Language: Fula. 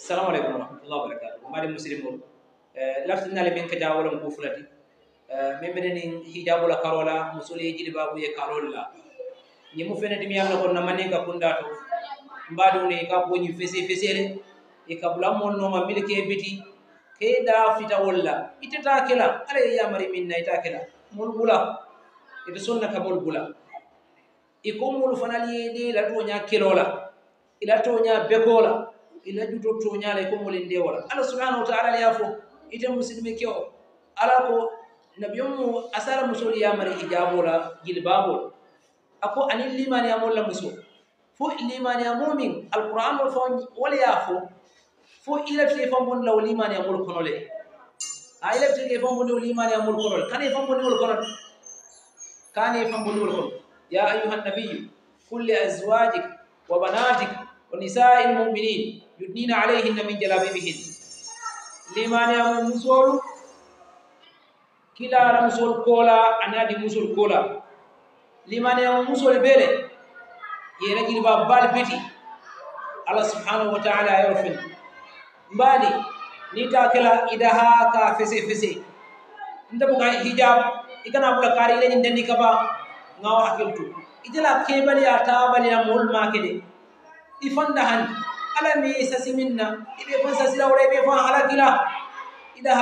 assalamu aleykum warahmatullah wabarakatu mari musidimol eh, laftinale min ka jawolon ɓuflati eh, min mbiɗenin hijabula karola musol yejili babuye kalolla ñimu fenetimi yamna kon namaninka kunda to mbadune ka boñi fese fesele e kabula monnoma milke e biti keda fitawolla ittetakela ala e yamari min naytakela mol bula eɓe sonna ka mol bula e ko mol fanal yeɗe latoña kelola e latoña bekola ila juto toñaala ko molin ndewola allah subhanahu wa taala ala fo ite musidme ke o ala ko nabiyomu asara musol yamari ijabola e gilbabol ako ani limaniyamolla muso fo limaniyamo min alquranol fa wala ya fo fo ilafte fambonlao limaniyamol konole e a ilafteke fambonewo limaniyamol konole kane e fambonewol konole kane fambonewol konole ya ayuha nabiyu kulle azwajik wa banatik o nisail muminin yuɗnina alayhinna min jalabibihin limaniyamo musolu kilara musol kola anadi musol kola limaniyamo musol bele yere jiliba bal beti allah subhanahu wa taala yorfen mbadi ni ka kela idaha ka fese fese ntabuka hijab ikana bula kari ileñi ndendi kaba ngawa hakiltu itela kebaliya tabaliya mohol makede يفن دهن ألا مي ساسي منا إبي فن ساسي لا ولا إبي فن على كلا